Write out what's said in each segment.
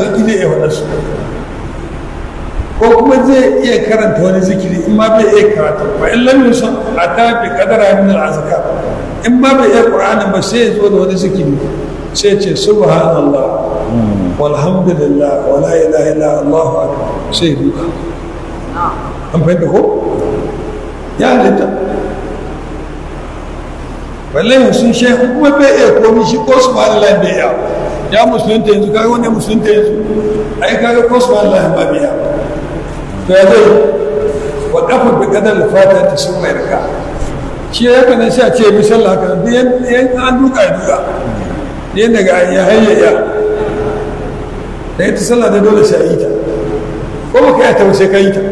sarki zai iya waɗansu ko kuma zai iya karanta wani zikiri in ma bai iya karatu ba in lam yusuf ata bi qadara min al in ma bai iya qur'ani ba sai ya zo da wani zikiri sai ce subhanallah walhamdulillah wa la ilaha illa allah sai duka an fahimta ko ya halitta wallahi sun shehu kuma bai iya komi shi ko subhanallah bai iya ya musulunta yanzu kaga wanda musulunta yanzu ai kaga ko su Allah ba biya to ya zai wa kafa bi kadar fata ta sun mai raka shi ya kana sai a ce misalla sallah ka yan yan an duka duka ne daga ya hayyaya da ita sallah da dole sai yi ta ko ba ka ta sai ka yi ta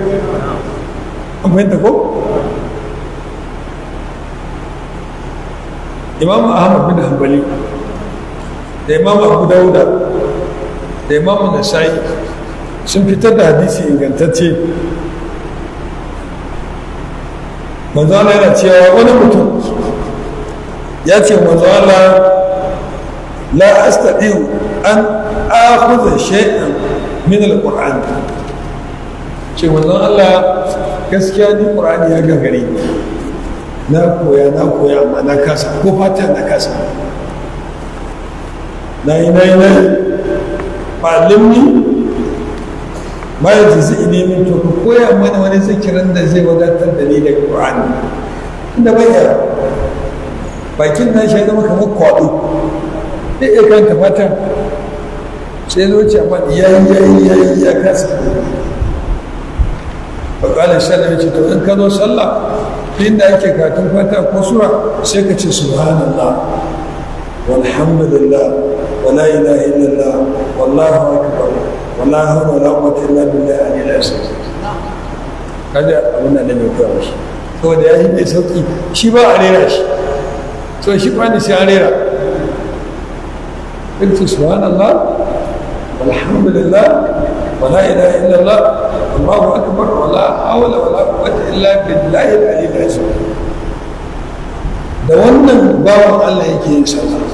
an fahimta ko imam ahmad bin hanbali da imam abu dauda da imam nasai sun fitar da hadisi ingantacce manzo Allah yana cewa wani mutum ya ce manzo Allah la astadiu an akhudha shay'an min alquran ce manzo Allah gaskiya ni qur'ani ya gagare na koya na koya amma na kasa ko fata na kasa ناي ناي ناي معلمني ما يجزئني من توك كويا من وانا ذكرن da zai wadatar da ni da Qur'ani inda bayya bakin na shi zama kamar kwado da ya kanta fata sai zuciya ba ya yi ya yi ya kasa faƙalin sallah ce to in ka zo sallah inda ake katun fata ko sura sai ka ce subhanallah والحمد لله ولا إله إلا الله والله أكبر ولا حول ولا قوة إلا بالله العلي العظيم kaga abin da ne kawai shi saboda ya shi ba a rera shi so shi ba ni sai a rera in tu walhamdulillah wala ilaha illallah wala hawla wala quwwata illa billahi al-ali al-azim da wannan babu Allah yake yin sallah